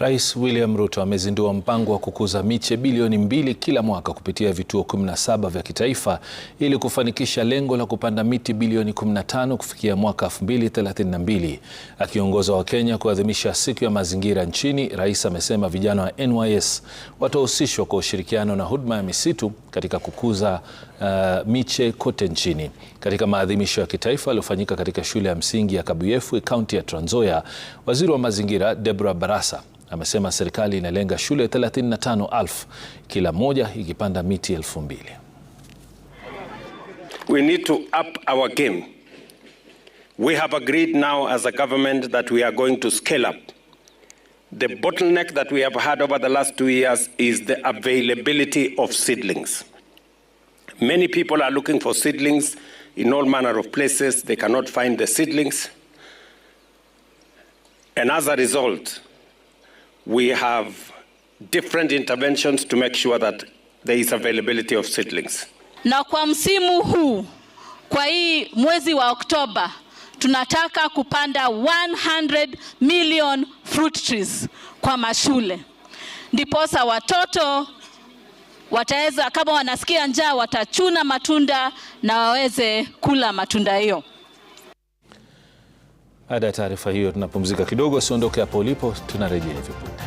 Rais William Ruto amezindua mpango wa kukuza miche bilioni mbili kila mwaka kupitia vituo 17 vya kitaifa ili kufanikisha lengo la kupanda miti bilioni 15 kufikia mwaka 2032. Akiongoza Wakenya kuadhimisha siku ya mazingira nchini, rais amesema vijana wa NYS watahusishwa kwa ushirikiano na huduma ya misitu katika kukuza uh, miche kote nchini. Katika maadhimisho ya kitaifa yaliyofanyika katika shule ya msingi ya Kabuyefu, kaunti ya Trans Nzoia, waziri wa mazingira Deborah Barasa amesema serikali inalenga shule 35,000 kila moja ikipanda miti 2,000. We need to up our game. We have agreed now as a government that we are going to scale up. The bottleneck that we have had over the last two years is the availability of seedlings. Many people are looking for seedlings in all manner of places. They cannot find the seedlings. And as a result, we have different interventions to make sure that there is availability of seedlings. Na kwa msimu huu kwa hii mwezi wa Oktoba tunataka kupanda 100 million fruit trees kwa mashule, ndiposa watoto wataweza, kama wanasikia njaa, watachuna matunda na waweze kula matunda hiyo. Baada ya taarifa hiyo tunapumzika kidogo, Siondoke hapo ulipo, tunarejea hivyo punde.